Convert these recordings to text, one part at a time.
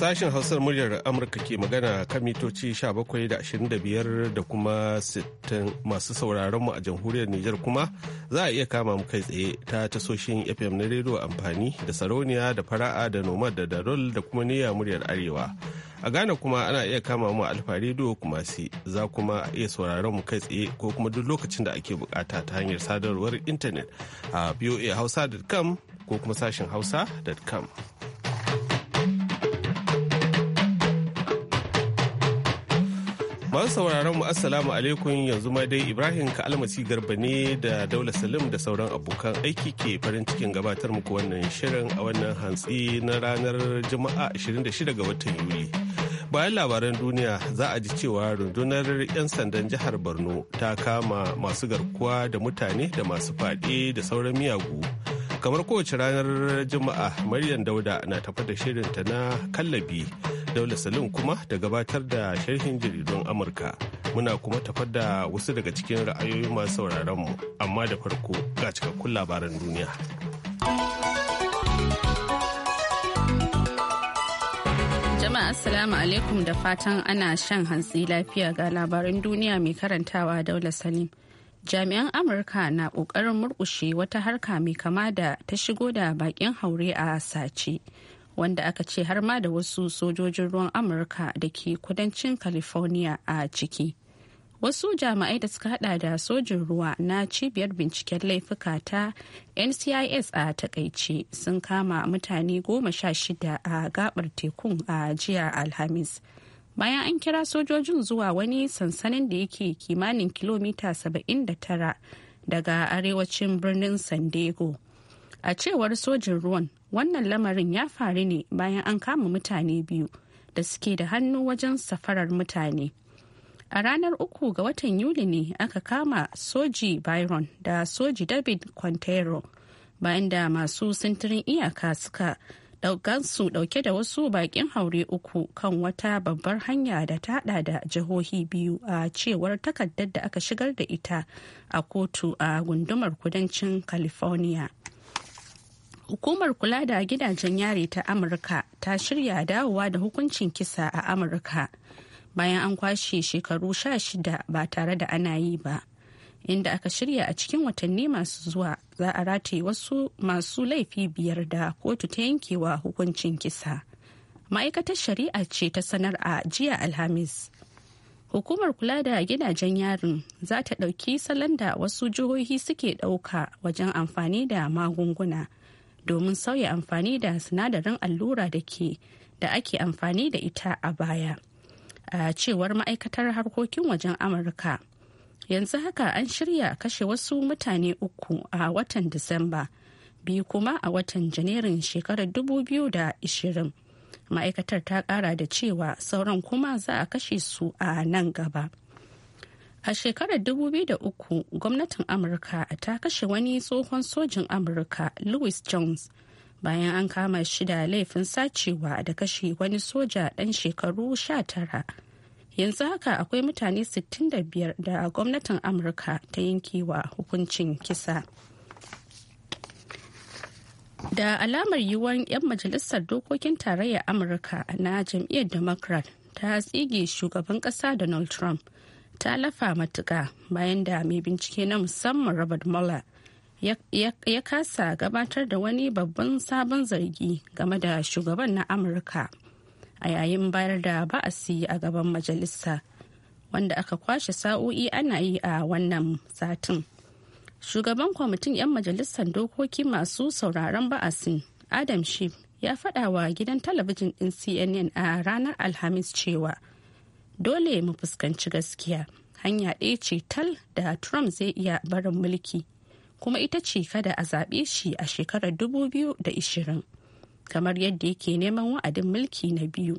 Sashen Hausar muryar Amurka ke magana kan mitoci 17.25 da da kuma 60 masu sauraron mu a jamhuriyar Nijar kuma za a iya kama mu kai tsaye ta tasoshin FM na rediyo amfani da sarauniya da fara'a da nomad da darol da kuma niyya muryar Arewa. A Ghana kuma ana iya kama mu alfa rediyo kuma si za kuma iya sauraron mu kai tsaye ko kuma duk lokacin da ake bukata ta hanyar sadarwar intanet a voahausa.com ko kuma sashen hausa.com. Masu sauraron mu assalamu alaikum yanzu ma dai Ibrahim Kalmasi Garba ne da Daula Salim da sauran abokan aiki ke farin cikin gabatar muku wannan shirin a wannan hantsi na ranar Juma'a 26 ga watan Yuli. Bayan labaran duniya za a ji cewa rundunar 'yan sandan jihar Borno ta kama masu garkuwa da mutane da masu faɗe da sauran miyagu kamar kowace ranar juma'a maryam dauda na tafa da shirinta na kallabi daula salim kuma da gabatar da sharhin jaridun amurka muna kuma tafa da wasu daga cikin ra'ayoyin masu sauraronmu amma da farko ga cikakkun labaran duniya jama'a assalamu alaikum da fatan ana shan hantsi lafiya ga labaran duniya mai karantawa daula salim jami'an amurka na kokarin murkushe wata harka mai kama da ta shigo da bakin haure a sace wanda aka ce har ma da wasu sojojin ruwan amurka da ke kudancin california a ciki wasu jami'ai da suka hada da sojin ruwa na cibiyar binciken laifuka ta ncis a takaice sun kama mutane goma sha shida a gabar tekun a jiya alhamis bayan an kira sojojin zuwa wani sansanin da yake kimanin kilomita 79 daga arewacin birnin san diego a cewar sojin ruwan wannan lamarin ya faru ne bayan an kama mutane biyu da suke da hannu wajen safarar mutane a ranar uku ga watan yuli ne aka kama soji byron da soji david quintero bayan da masu sintirin iyaka suka su dauke da wasu bakin haure uku kan wata babbar hanya da ta hada da jihohi biyu a cewar takardar da aka shigar da ita a kotu a gundumar kudancin california hukumar kula da gidajen yare ta amurka ta shirya dawowa da hukuncin kisa a amurka bayan an kwashe shekaru sha shida ba tare da ana yi ba inda aka shirya a cikin watanni masu zuwa za a rataye wasu masu laifi biyar da kotu ta yankewa hukuncin kisa ma'aikatar shari'a ce ta sanar a jiya alhamis hukumar kula da gidajen yarin za ta ɗauki salon da wasu jihohi suke ɗauka wajen amfani da magunguna domin sauya amfani da sinadarin allura da ke da ake amfani da ita a baya a cewar ma'aikatar harkokin wajen amurka yanzu haka an shirya kashe wasu mutane uku a watan disamba biyu kuma a watan janairun shekarar 2020 ma'aikatar ta kara da cewa sauran kuma za a kashe su a nan gaba a shekarar 2003 gwamnatin amurka ta kashe wani tsohon sojin amurka louis jones bayan an kama shi da laifin sacewa da kashe wani soja ɗan shekaru 19 yanzu haka akwai mutane 65 da gwamnatin amurka ta yankewa hukuncin kisa da alamar yiwuwar 'yan majalisar dokokin tarayyar amurka na jam'iyyar democrat ta tsige shugaban kasa donald trump ta lafa matuka bayan da mai bincike na musamman robert mueller ya kasa gabatar da wani babban sabon zargi game da shugaban na amurka a yayin bayar da ba'asi a gaban majalisa wanda aka kwashe sa'o'i ana yi a wannan satin shugaban kwamitin 'yan majalisar dokoki masu sauraron ba'asin adam shif ya fada wa gidan talabijin ɗin cnn a ranar alhamis cewa dole mu fuskanci gaskiya hanya ɗaya ce tal da trump zai iya barin mulki kuma ita ce kada a zaɓe shi a shekarar 2020 kamar yadda yake neman wa'adin mulki na biyu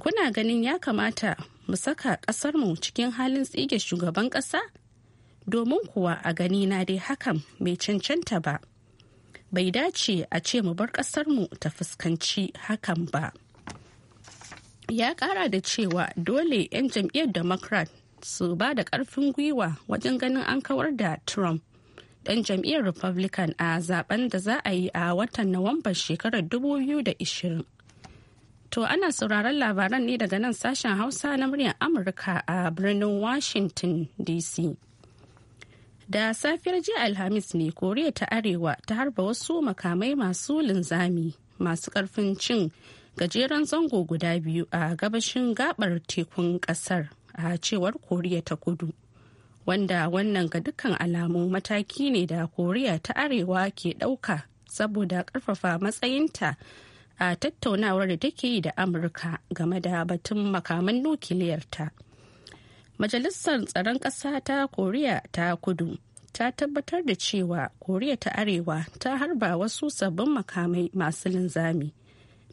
kuna ganin ya kamata mu saka ƙasarmu cikin halin tsige shugaban ƙasa domin kuwa a gani na dai hakan mai cancanta ba bai dace a ce mu bar ƙasarmu ta fuskanci hakan ba ya ƙara da cewa dole 'yan jam'iyyar democrat su ba da ƙarfin gwiwa wajen ganin an kawar da trump dan jam'iyyar republican a zaben da za a yi a watan nuwamban shekarar 2020 to ana sauraron labaran ne daga nan sashen hausa na muryar amurka a birnin washington dc da safiyar jiya alhamis ne koriya ta arewa ta harba wasu makamai masu linzami masu karfin cin gajeren zango guda biyu a gabashin gabar tekun kasar a cewar koriya ta kudu wanda wannan ga dukkan alamu mataki ne da koriya ta arewa ke ɗauka saboda karfafa matsayinta a tattaunawar da take yi da amurka game da batun makaman nukiliyarta majalisar tsaron ƙasa ta koriya ta kudu ta tabbatar da cewa koriya ta arewa ta harba wasu sabbin makamai masu linzami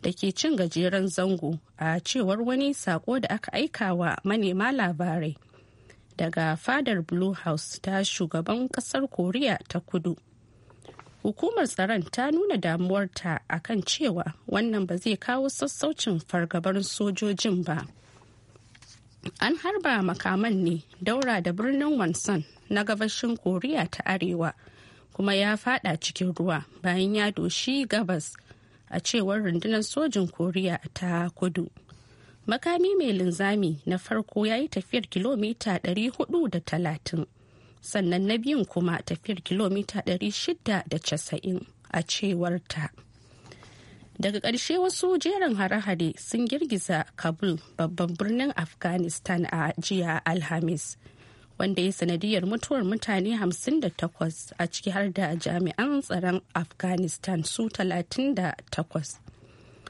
da ke cin gajeren zango a cewar wani sako da aka aika wa manema labarai daga fadar blue house ta shugaban kasar koriya ta kudu hukumar tsaron ta nuna damuwarta a kan cewa wannan ba zai kawo sassaucin fargabar sojojin ba an harba makaman ne daura da birnin wansan na gabashin koriya ta arewa kuma ya fada cikin ruwa bayan ya doshi gabas a cewar rundunar sojin koriya ta kudu makami mai linzami na farko ya yi tafiyar kilomita 430 sannan na biyun kuma tafiyar kilomita 690 a cewarta daga ƙarshe wasu jerin hare-hare sun girgiza kabul babban birnin afghanistan a jiya alhamis wanda ya sanadiyar mutuwar mutane 58 a ciki har da jami'an tsaron afghanistan su 38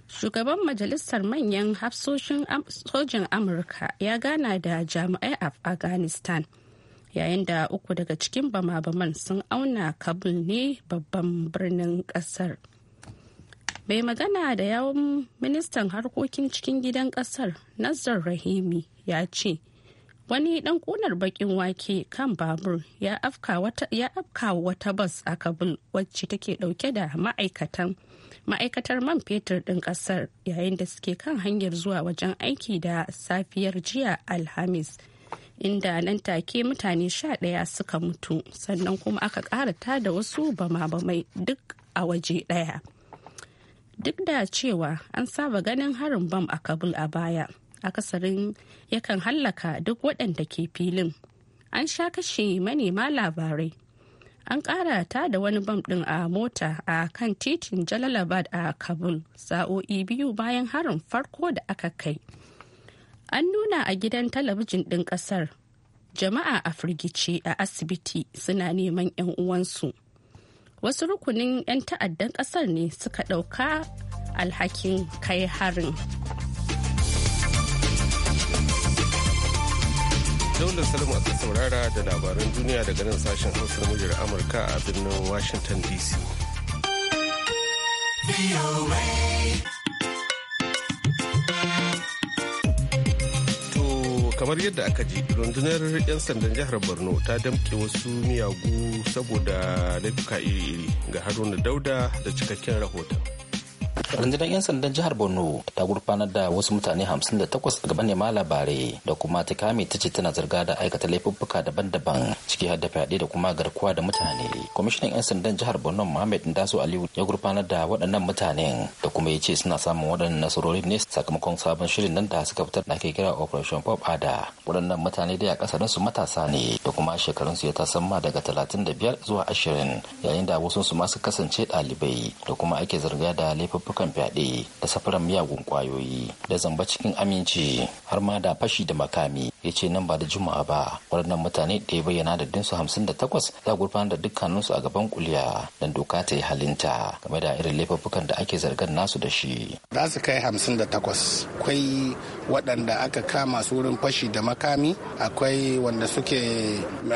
shugaban majalisar manyan hafsoshin sojin amurka ya gana da jami'ai a afghanistan yayin da uku daga cikin bama-baman sun auna kabul ne babban birnin kasar mai magana da yawon ministan harkokin cikin gidan kasar nazar rahimi ya ce wani dan kunar bakin wake kan babur ya afka wata bas a kabul wacce take dauke da ma'aikatan ma'aikatar man fetur ɗin ƙasar yayin da suke kan hanyar zuwa wajen aiki da safiyar jiya alhamis inda nan take mutane sha ɗaya suka mutu sannan kuma aka ƙarata da wasu bama-bamai duk a waje ɗaya duk da cewa an saba ganin harin bam a kabul a baya akasarin yakan hallaka duk waɗanda ke filin an sha kashe manema labarai an kara ta da wani bam din a mota a kan titin jalalabad a kabul sa'o'i biyu bayan harin farko da aka kai an nuna a gidan talabijin din kasar jama'a a firgici a asibiti suna neman 'yan uwansu wasu rukunin 'yan ta'addan kasar ne suka ɗauka alhakin kai harin Daular Salma ta saurara da labaran duniya daga nan sashen Hausar mujer Amurka a birnin Washington DC. kamar yadda aka ji rundunar 'yan sandan jihar borno ta damke wasu miyagu saboda laifuka iri-iri ga haruna dauda da cikakken rahoton rundunar 'yan sandan jihar borno ta gurfanar da wasu mutane 58 a gaban nema labarai da kuma ta kame ta ce tana zarga da aikata laifuffuka daban-daban ciki har da fyaɗe da kuma garkuwa da mutane kwamishinan 'yan sandan jihar borno Mohammed ndaso aliyu ya gurfanar da waɗannan mutanen da kuma ya ce suna samun waɗannan nasarori ne sakamakon sabon shirin nan da suka fitar da ke kira operation pop ada waɗannan mutane dai a ƙasarin su matasa ne da kuma shekarun su ta samma daga 35 zuwa 20 yayin da wasu su masu kasance ɗalibai da kuma ake zarga da laifuffuka ayyukan fyaɗe da safaran miyagun kwayoyi da zamba cikin aminci har ma da fashi da makami ya ce nan ba da juma'a ba waɗannan mutane da ya bayyana da dinsu hamsin da takwas za gurfanar da dukkaninsu a gaban kuliya don doka ta yi halinta game da irin laifuffukan da ake zargan nasu da shi. za su kai hamsin da takwas akwai waɗanda aka kama su wurin fashi da makami akwai wanda suke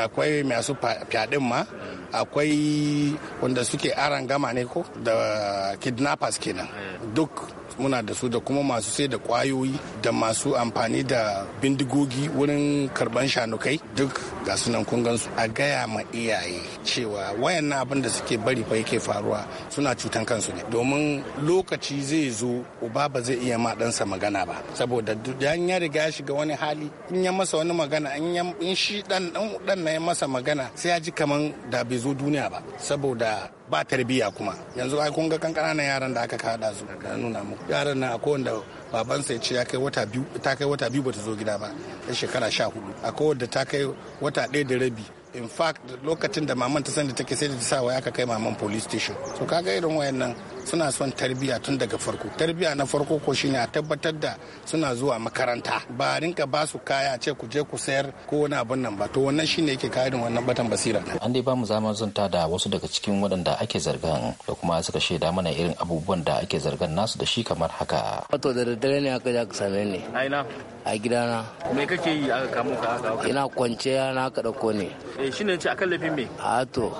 akwai masu fyaɗin ma akwai wanda suke aran gama ne ko da kidnappers kenan eh. duk muna da su da kuma masu sai da kwayoyi da masu amfani da bindigogi wurin karban shanukai duk ga sunan kun gansu a gaya ma iyaye cewa wayannan abin da suke bari fa yake faruwa suna cutan kansu ne domin lokaci zai zo uba ba zai iya ma ɗansa magana ba saboda dan ya riga ya shiga wani hali in ya masa wani magana in shi dan dan na ya masa magana sai ya ji kaman da bai zo duniya ba saboda ba tarbiyya kuma yanzu ai kun ga kankana yaran da aka kada su da nuna muku yaran nan akwai wanda babansa ya ce ya kai wata biyu ta kai wata biyu bata zo gida ba a shekara sha hudu akwai wanda ta kai wata ɗaya da rabi in fact lokacin da maman ta sanda take sai da ta sa waya aka kai maman police station so kaga irin wayannan suna son tarbiyya tun daga farko tarbiyya na farko ko shine a tabbatar da suna zuwa makaranta ba rinka ba su kaya ce ku je ku sayar ko wani abun nan ba to wannan shine yake kayan wannan batan basira an dai ba mu zama zanta da wasu daga cikin waɗanda ake zargan da kuma suka shaida mana irin abubuwan da ake zargan nasu da shi kamar haka wato da daddare ne aka ja ka same ni aina a gidana me kake yi aka kamo ka aka ina kwance na ka dauko ne eh shine ce akan lafi me a to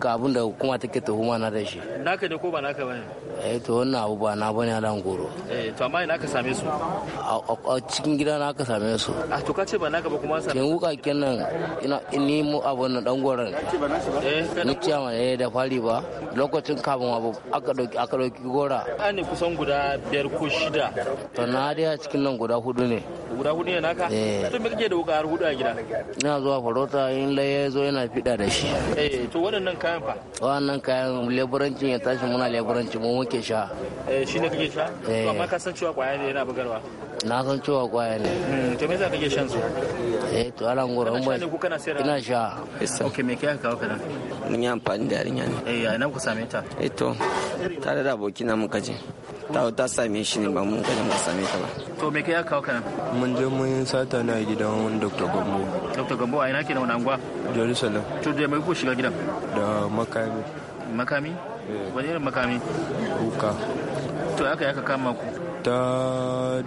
ga abun da hukuma take tuhuma na da shi naka ne ko ba naka bane eh to wannan abu ba na bane alan goro eh to amma ina ka same su a cikin gida na ka same su a ah, to ka ce ba ka ba kuma sa. su wuka kenan ina ni mu abu na dan goron eh, eh, ni ce ma eh da fari ba lokacin kafin abu aka dauki aka dauki gora an ne kusan guda biyar ko shida to na dai a cikin nan guda hudu ne guda hudu ne naka eh. to me kake da wuka har hudu a gida ina zuwa farota in laye zo yana fida da shi eh to waɗannan kayan fa waɗannan kayan leburanci ya tashi muna leburanci mu nake sha eh, shi ne kake sha to eh. amma ka san cewa kwaya ne yana bugarwa na san cewa kwaya ne hmm, to me ka kake shan su eh to ala ngoro mun ina sha okay me kai kawo kana mun yi amfani da yarinya ne eh ina ku same ta eh to tare da abokina mun kaje ta ta same shi ne ba mun kaje mun same ta ba to me kai kawo kana mun je mun sata na gidan wani Dr. Gambo Dr. Gambo a ina kenan wani angwa Jerusalem to da mai ku shiga gidan da makami makami Eh. wani irin makami kuka to aka yaka kama ku ta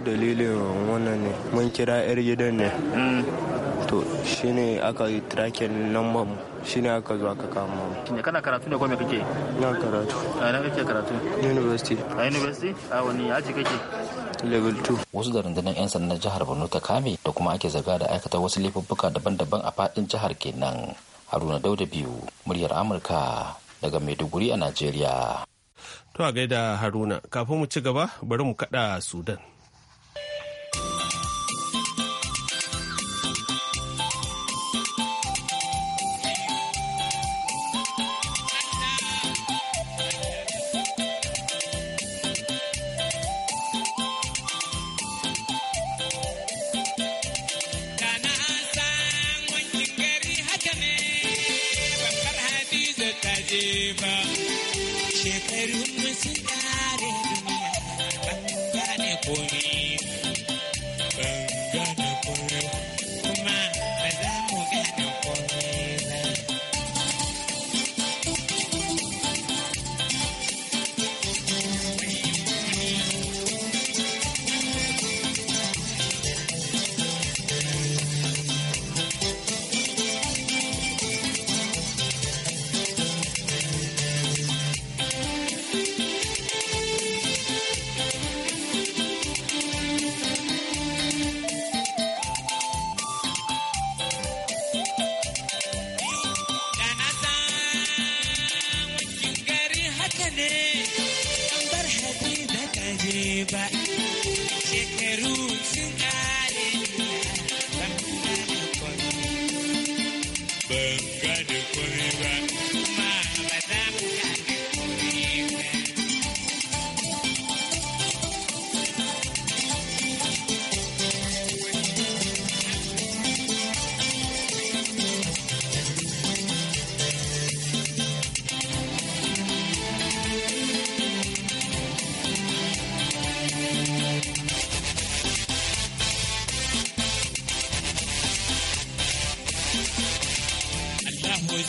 dalilin wannan ne mun kira yar gidan ne mm. to shine aka yi tracking number mu shine aka zo aka kama mu kana karatu ne ko me kake na karatu a ina kake karatu university a university a wani aji kake level 2 wasu da rundunar 'yan sandan jihar borno ta kame da kuma ake zarga da aikata wasu laifuffuka daban-daban a fadin jihar kenan haruna dauda biyu muryar amurka daga Maiduguri a Najeriya. To a gaida Haruna, kafin mu ci gaba bari mu kaɗa Sudan.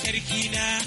sarki na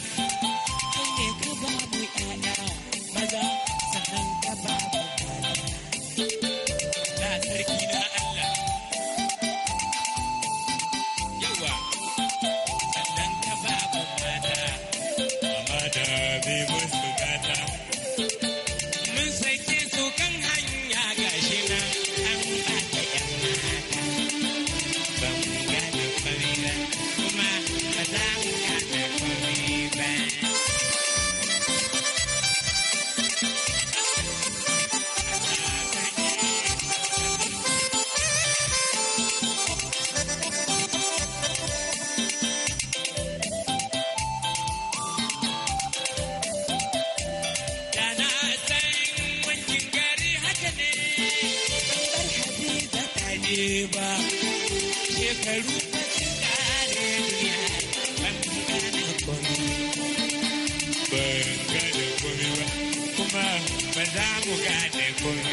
ba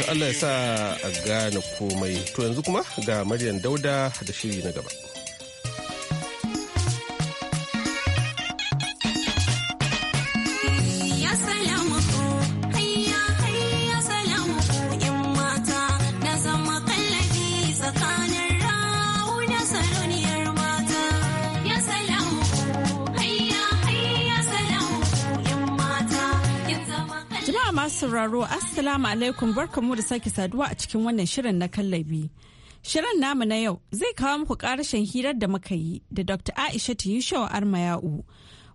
Allah ya sa a gane komai. To yanzu kuma ga Maryam Dauda da shiri na gaba. sauraro Assalamu alaikum barkamu da sake saduwa a cikin wannan shirin na kallabi. Shirin namu na yau zai kawo muku karashin hirar da muka yi da Dr. Aisha Yusuf Armayau.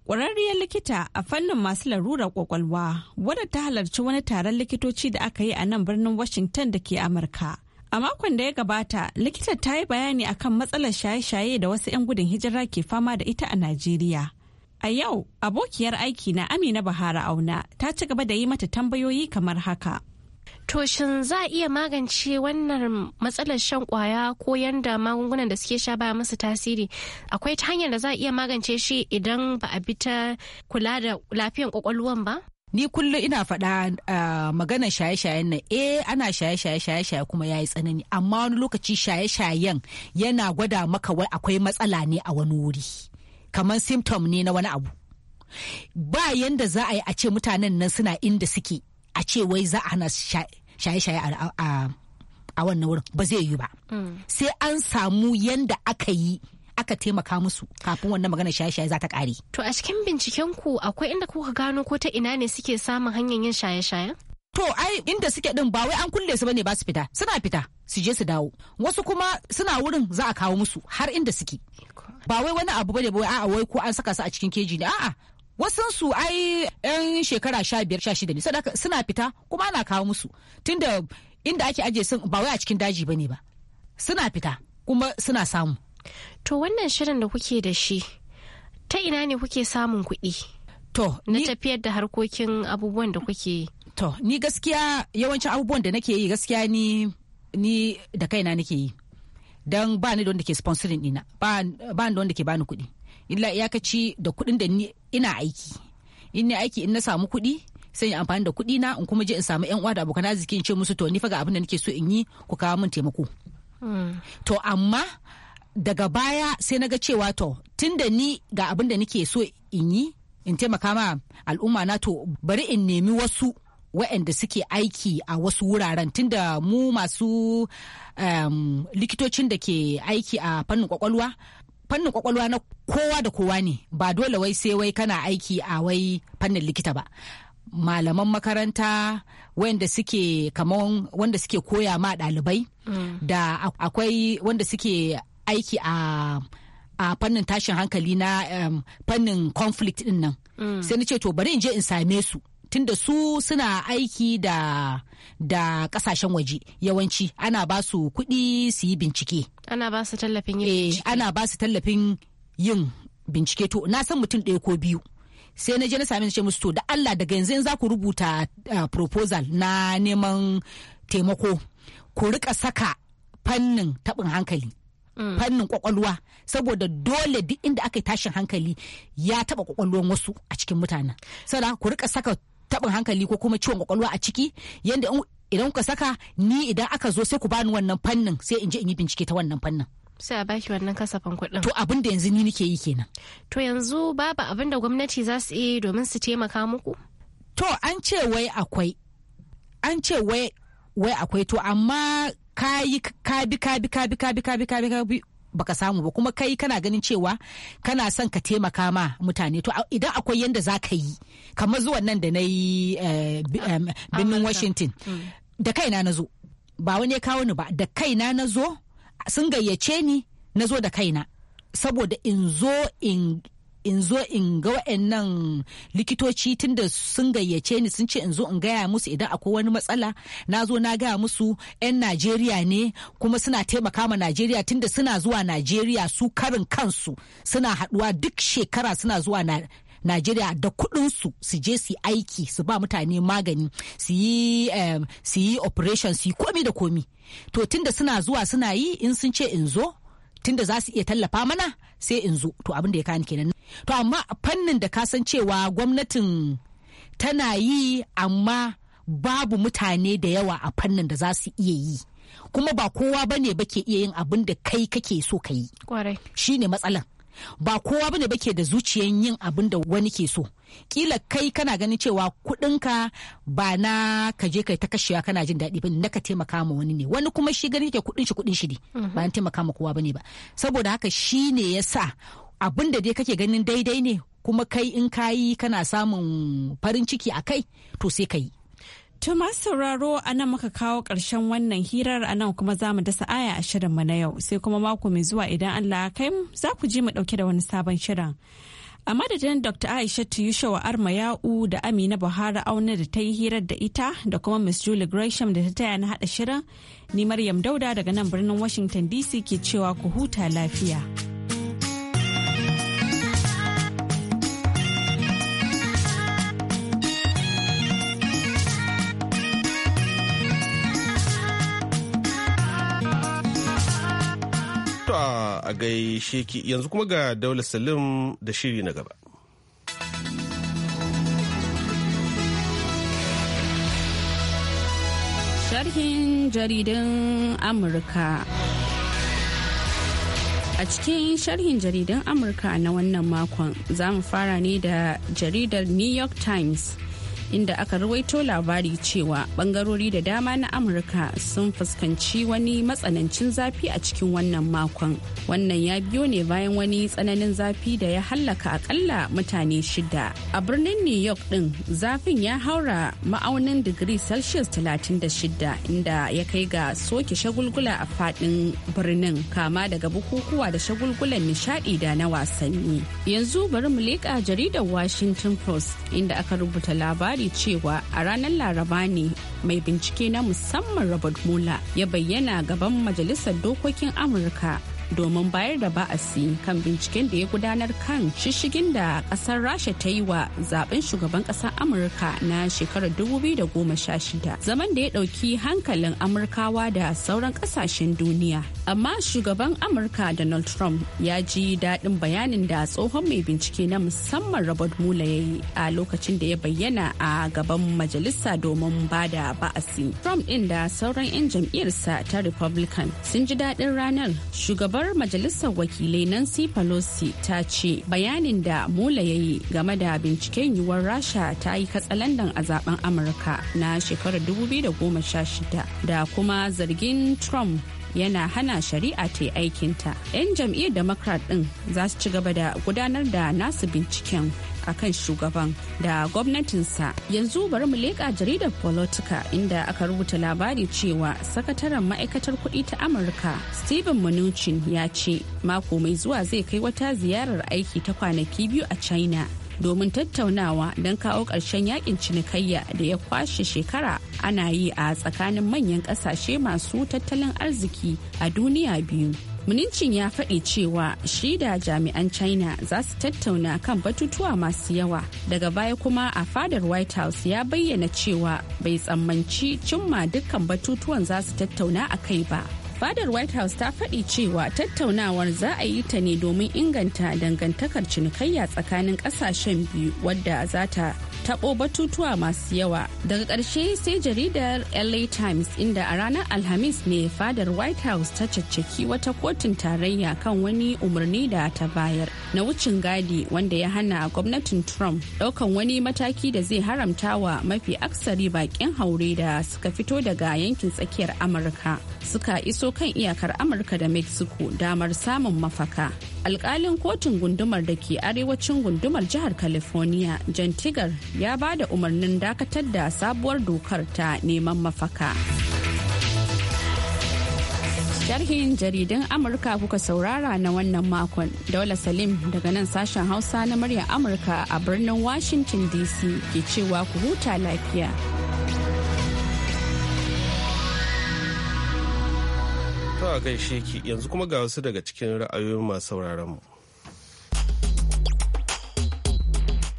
Ƙwararriyar likita a fannin masu larurar kwakwalwa wadda ta halarci wani taron likitoci da aka yi a nan birnin Washington da ke Amurka. A makon da ya gabata, likitar ta yi bayani akan matsalar shaye-shaye da wasu 'yan gudun hijira ke fama da ita a Najeriya. A yau, abokiyar aiki na Amina Bahara Auna ta ci gaba da yi mata tambayoyi kamar haka. toshin shin za a iya magance wannan matsalar shan kwaya ko yanda magungunan da suke sha baya masu tasiri? Akwai ta hanyar da za a iya magance shi idan ba a bi ta kula da lafiyan kwakwalwan ba? Ni kullum ina faɗa maganar shaye-shayen nan eh ana shaye-shaye shaye-shaye kuma ya yi tsanani amma wani lokaci shaye-shayen yana gwada maka wai akwai matsala ne a wani wuri. kamar symptom ne na wani abu ba yanda za a yi a ce mutanen nan suna inda suke a ce wai za a hana shaye-shaye a wannan wurin ba zai yi ba mm. sai an samu yanda aka yi aka taimaka musu kafin wannan magana shaye-shaye za ta kare. To a cikin binciken ku akwai inda kuka gano ko ta ina ne suke samun hanyar yin shaye shaye? To ai inda suke din ba wai an kulle su bane ba su fita suna fita su je su dawo wasu kuma suna wurin za a kawo musu har inda suke. ba wai wani abu bane ba a'a wai ko an saka su a cikin keji ne a'a su ai yan shekara sha biyar sha shida ne sadaka suna fita kuma ana kawo musu tunda inda ake ajiye sun ba wai a cikin daji bane ba suna fita kuma suna samu to wannan shirin da kuke da shi ta ina ne kuke samun kuɗi to na tafiyar da harkokin abubuwan da kuke to ni gaskiya yawancin abubuwan da nake yi gaskiya ni ni da kaina nake yi don ba ni da ke sponsorin dina ba ni da wanda ke bani kuɗi illa iyakaci da kuɗin da ni ina aiki in ni aiki in na samu kuɗi sai in amfani da kuɗi na in kuma je in samu yan uwa da abokan arziki in ce musu to ni fa ga abin da nake so in yi ku kawo min taimako hmm. to amma daga baya sai na ga cewa to tun da ni ga abin da nake so in yi in taimaka ma al'umma na to bari in nemi wasu waɗanda suke aiki a wasu wuraren tunda mu masu um, likitocin da ke aiki a fannin kwakwalwa fannin kwakwalwa na kowa da kowa ne ba dole wai sai wai kana aiki a wai fannin likita ba malaman makaranta wanda suke kaman wanda suke koya ma ɗalibai mm. da akwai wanda suke aiki a a fannin tashin hankali na fannin um, conflict din nan mm. sai ni ce to bari in je in same su tunda su suna aiki da da kasashen waje yawanci ana ba su kuɗi su yi bincike ana ba su tallafin yin eh, bincike ana ba su tallafin yin bincike to na san mutum ɗaya ko biyu sai na je na sami ce musu to da Allah daga yanzu in za ku rubuta proposal na neman taimako ku rika saka fannin taɓin hankali mm. fannin kwakwalwa saboda dole duk inda aka yi tashin hankali ya taba kwakwalwan wasu a cikin mutanen sana ku rika saka taɓin hankali ko kuma ciwon kwakwalwa a ciki yadda idan kuka saka ni idan aka zo sai ku bani wannan fannin sai in je in yi bincike ta wannan fannin sai a baki wannan kasafin kuɗin. To abin da yanzu ni nike yi kenan. To yanzu babu abin da gwamnati za su yi domin su taimaka muku? To an ce wai akwai. An ce wai wai akwai to amma kayi ka yi ka bi ka bi ka bi ka bi ka bi ka bi baka samu ba kuma kai kana ganin cewa kana son ka taimaka ma mutane to idan akwai yanda za ka yi kamar zuwan nan da na yi eh, birnin washington mm. da kaina na zo ba wani ya kawo ni ba da kaina na zo sun gayyace ni na zo da kaina saboda in zo in in zo in ga wa'annan likitoci tunda sun gayyace ni sun ce in zo in gaya musu idan akwai wani matsala na zo na gaya musu 'yan najeriya ne kuma suna taimaka ma najeriya tunda suna zuwa najeriya su karin kansu suna haduwa duk shekara suna zuwa najeriya da kuɗinsu su je su aiki su ba mutane magani su yi su yi operation su komi da komi to tunda suna zuwa suna yi in sun ce in zo tunda za su iya tallafa mana sai in zo to abin da ya kani kenan to amma fannin da ka san cewa gwamnatin tana yi amma babu mutane da yawa a fannin da za su iya yi kuma ba kowa ba ne ba ke iya yin abin da kai kake so ka yi shi ne matsalan ba kowa bane bake da zuciyan yin abin da wani ke so kila kai kana ganin cewa kudinka ba na ka je kai ta kashewa kana jin daɗi bane na ka taimaka ma wani ne wani kuma shi ganin yake kudin shi kudin shi ne mhm. ba na taimaka ma kowa bane ba saboda haka shi ne ya sa abin da dai kake ganin daidai ne kuma kai in kayi kana samun farin ciki a kai to sai ka yi To masu sauraro a nan muka kawo ƙarshen wannan hirar a nan kuma za mu dasa aya a shirin mu na yau sai kuma mako mai zuwa idan Allah kai za ku ji mu ɗauke da wani sabon shirin. A madadin Dr. Aisha Yushawa Arma Ya'u da Amina Buhari auna da ta yi hirar da ita da kuma Miss Julie Gresham da ta taya na haɗa shirin, ni Maryam Dauda daga nan birnin Washington DC ke cewa ku huta lafiya. a gaishe ki yanzu kuma ga daular Salim da shiri na gaba. Sharhin jaridan Amurka. A cikin sharhin jaridan Amurka na wannan makon za mu fara ne da jaridar New York Times. inda aka ruwaito labari cewa bangarori da dama na amurka sun fuskanci wani matsanancin zafi a cikin wannan makon wannan ya biyo ne bayan wani tsananin zafi da ya hallaka akalla mutane shida a birnin new york din zafin ya haura ma'aunin digiri celsius 36 inda ya kai ga soke shagulgula a fadin birnin kama daga bukukuwa da shagulgulan nishadi da na wasanni yanzu bari mu leƙa jaridar washington post inda aka rubuta labari misali cewa a ranar laraba ne mai bincike na musamman robert mueller ya bayyana gaban majalisar dokokin amurka domin bayar da ba'asi kan binciken da ya gudanar kan shishigin da kasar rasha ta yi wa zaben shugaban kasar amurka na shekarar 2016 zaman da ya dauki hankalin amurkawa da sauran kasashen duniya amma shugaban amurka donald trump ya ji daɗin bayanin da tsohon mai bincike na musamman robert Mula ya yi a lokacin da ya bayyana a gaban majalisa domin ba da ba'asi trump ɗin da sauran 'yan jam'iyyarsa ta republican sun ji daɗin ranar shugaban babbar majalisar wakilai nancy pelosi ta ce bayanin da mola ya yi game da binciken yiwuwar rasha ta yi katsalandan a zaben amurka na shekarar 2016 da kuma zargin trump yana hana shari'a ta aikinta 'yan jam'iyyar democrat din za su ci gaba da gudanar da nasu binciken akan shugaban da gwamnatinsa yanzu bari mu leƙa jaridar politika inda aka rubuta labari cewa sakataren ma'aikatar kuɗi ta amurka steven mnuchin ya ce mako mai zuwa zai kai wata ziyarar aiki ta kwanaki biyu a china domin tattaunawa don kawo ƙarshen yakin cinikayya da ya kwashe shekara ana yi a tsakanin manyan ƙasashe masu tattalin arziki a duniya biyu Munincin ya faɗi cewa shi da jami'an China za su tattauna kan batutuwa masu yawa. Daga baya kuma a fadar White House ya bayyana cewa bai tsammanci cimma dukkan batutuwan za su tattauna a kai ba. fadar white house ta faɗi cewa tattaunawar za a yi ta ne domin inganta dangantakar cinikayya tsakanin ƙasashen biyu wadda za ta taɓo batutuwa masu yawa daga ƙarshe sai jaridar la times inda a ranar alhamis ne fadar white house ta caccaki wata kotun tarayya kan wani umarni da ta bayar na wucin gadi wanda ya hana gwamnatin trump ɗaukan wani mataki da zai haramta wa mafi aksari baƙin haure da suka fito daga yankin tsakiyar amurka suka iso kan iyakar amurka da mexico damar samun mafaka alkalin kotun gundumar da ke arewacin gundumar jihar california jan tigar ya ba da umarnin dakatar da sabuwar dokar ta neman mafaka sharhin jaridan amurka kuka saurara na wannan makon dole salim daga nan sashen hausa na murya amurka a birnin washington dc ke cewa ku huta lafiya a gaishe ki yanzu kuma ga wasu daga cikin ra'ayoyin masu sauraron mu.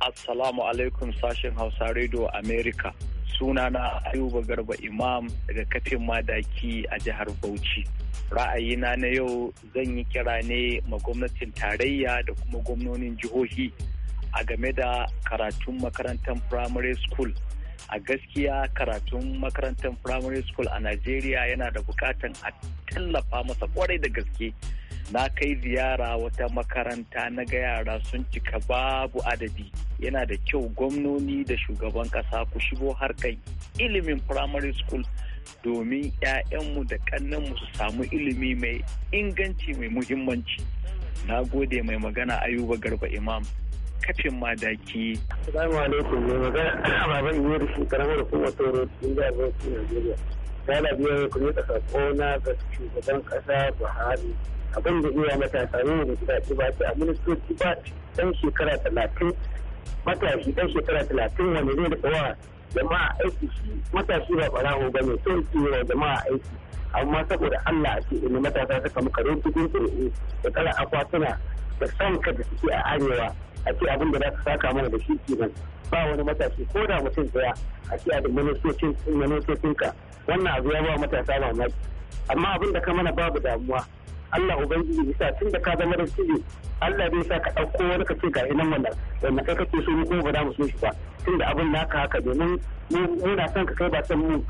Assalamu alaikum sashen Hausa Radio America. Sunana Ayuba Garba Imam daga Katin Madaki a jihar Bauchi. Ra'ayina na yau zan yi kira ne ma gwamnatin tarayya da kuma gwamnonin jihohi a game da karatun makarantar primary school a gaskiya karatun makarantar primary school a najeriya yana da bukatan a tallafa masa kwarai da gaske na kai ziyara wata makaranta na ga yara sun cika babu adadi yana da kyau gwamnoni da shugaban kasa ku shigo harkar ilimin primary school domin 'ya'yanmu da kannanmu su samu ilimi mai inganci mai muhimmanci na gode mai magana ayuba garba imam kafin madaki. Salamu alaikum magana baban yi da jihar Bauchi Najeriya. biyar ga shugaban ƙasa Buhari. Abin da iya matasa ne da ba ba ɗan shekara talatin matashi aiki ba ɓarawo ba ne sun wa jama'a aiki amma saboda Allah ce ina matasa suka muka ƙuri'u da kala akwatuna da sanka da suke a arewa a ce abin da za su saka mana da shi kenan ba wani matashi ko da mutum daya a ce abin da ministocin ka wannan abu ya ba matasa mamaki amma abin da ka mana babu damuwa Allah ubangiji bisa tun da ka zama da cibi Allah zai sa ka ɗauko wani ka ce ga inan wannan wanda kai kake so mu kuma ba za mu so shi ba tun da abin naka haka domin muna son ka kai ba san mu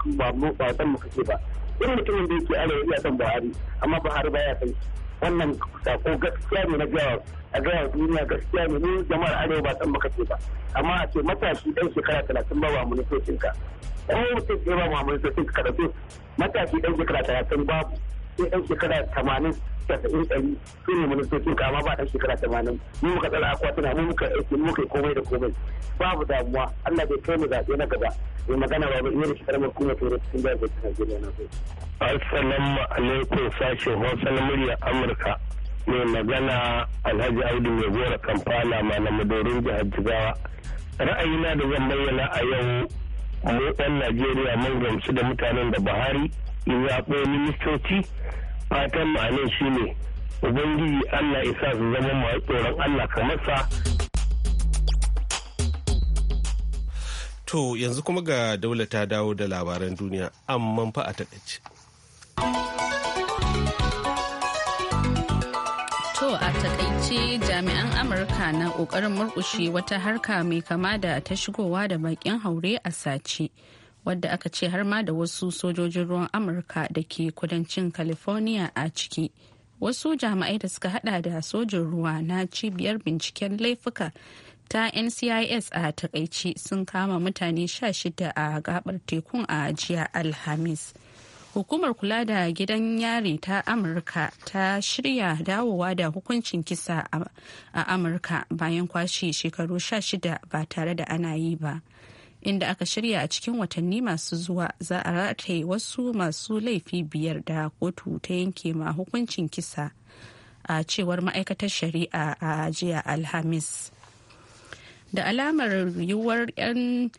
ba san mu kake ba irin mutumin da yake Allah ya san Buhari amma Buhari baya san shi wannan sako gaskiya ne na gawa a gawa duniya gaskiya ne ni jama'ar arewa ba san baka ce ba amma a ce matashi dan shekara talatin ba ba munifocin ka ko mutum ɗaya ba ma munifocin ka karatu matashi dan shekara talatin babu sai dan shekara tamanin saba'in ɗari su ne ministocin kama ba ɗan shekara tamanin mu muka tsara akwatuna mu muka aiki mu muka komai da komai babu damuwa Allah bai kai mu zaɓe na gaba mai magana ba mai da shekarar hukumar turai cikin jihar Bauchi Najeriya na so. Assalamu alaikum sashen Hausa na murya Amurka. Mai magana Alhaji Audu mai gora Kampala dorin jihar Jigawa. Ra'ayina da zan bayyana a yau mu 'yan Najeriya mun gamsu da mutanen da Buhari ya zaɓo ministoci fatan ma'anin shi ne ubangiji Allah isa su zama masu tsoron Allah kamar sa To yanzu kuma ga daula ta dawo da labaran duniya an fa a takaice. To a takaice jami'an Amurka na ƙoƙarin murƙushe wata harka mai kama da ta shigowa da bakin haure a sace wadda aka ce har ma da wasu sojojin ruwan amurka da ke kudancin california a ciki wasu jami'ai da suka hada da sojin ruwa na cibiyar binciken laifuka ta ncis a takaici sun kama mutane 16 a gabar tekun a jiya alhamis hukumar kula da gidan yari ta amurka ta shirya dawowa da hukuncin kisa a amurka bayan kwashe shekaru 16 ba tare da ana yi ba inda aka shirya a cikin watanni masu zuwa za a rataye wasu masu laifi biyar da kotu ta yanke ma hukuncin kisa a cewar ma'aikatar shari'a a jiya alhamis da alamar yiwuwar 'yan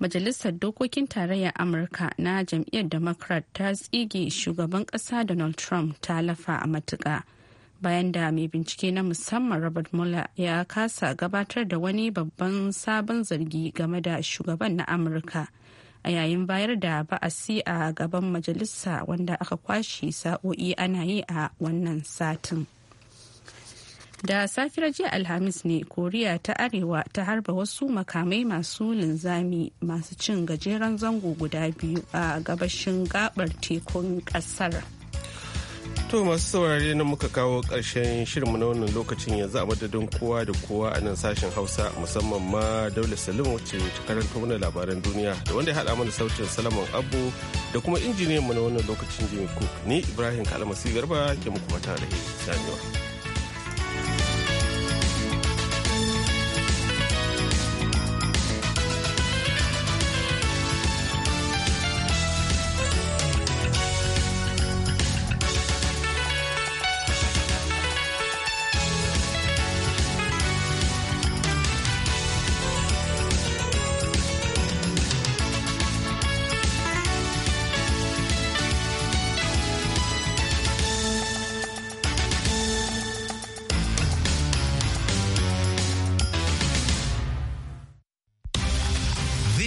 majalisar dokokin tarayyar amurka na jam'iyyar democrat ta tsige shugaban kasa donald trump ta lafa a matuka. bayan da mai bincike na musamman robert mueller ya kasa gabatar da wani babban sabon zargi game da shugaban na amurka a yayin bayar da ba'asi a gaban majalisa wanda aka kwashe sa'o'i ana yi a wannan satin da safiyar jiya alhamis ne koriya ta arewa ta harba wasu makamai masu linzami masu cin gajeren zango guda biyu a gabashin gabar tekun kasar. To masu saurare na muka kawo ƙarshen shirin na wannan lokacin yanzu a madadin kowa da kowa a nan sashen Hausa musamman ma Daula Salim wacce ta karanta mana labaran duniya da wanda ya haɗa mana sautin Salaman Abu da kuma injiniyan mu na wannan lokacin Jimmy Cook ni Ibrahim Kalamasi Garba ke muku mata da sanewa.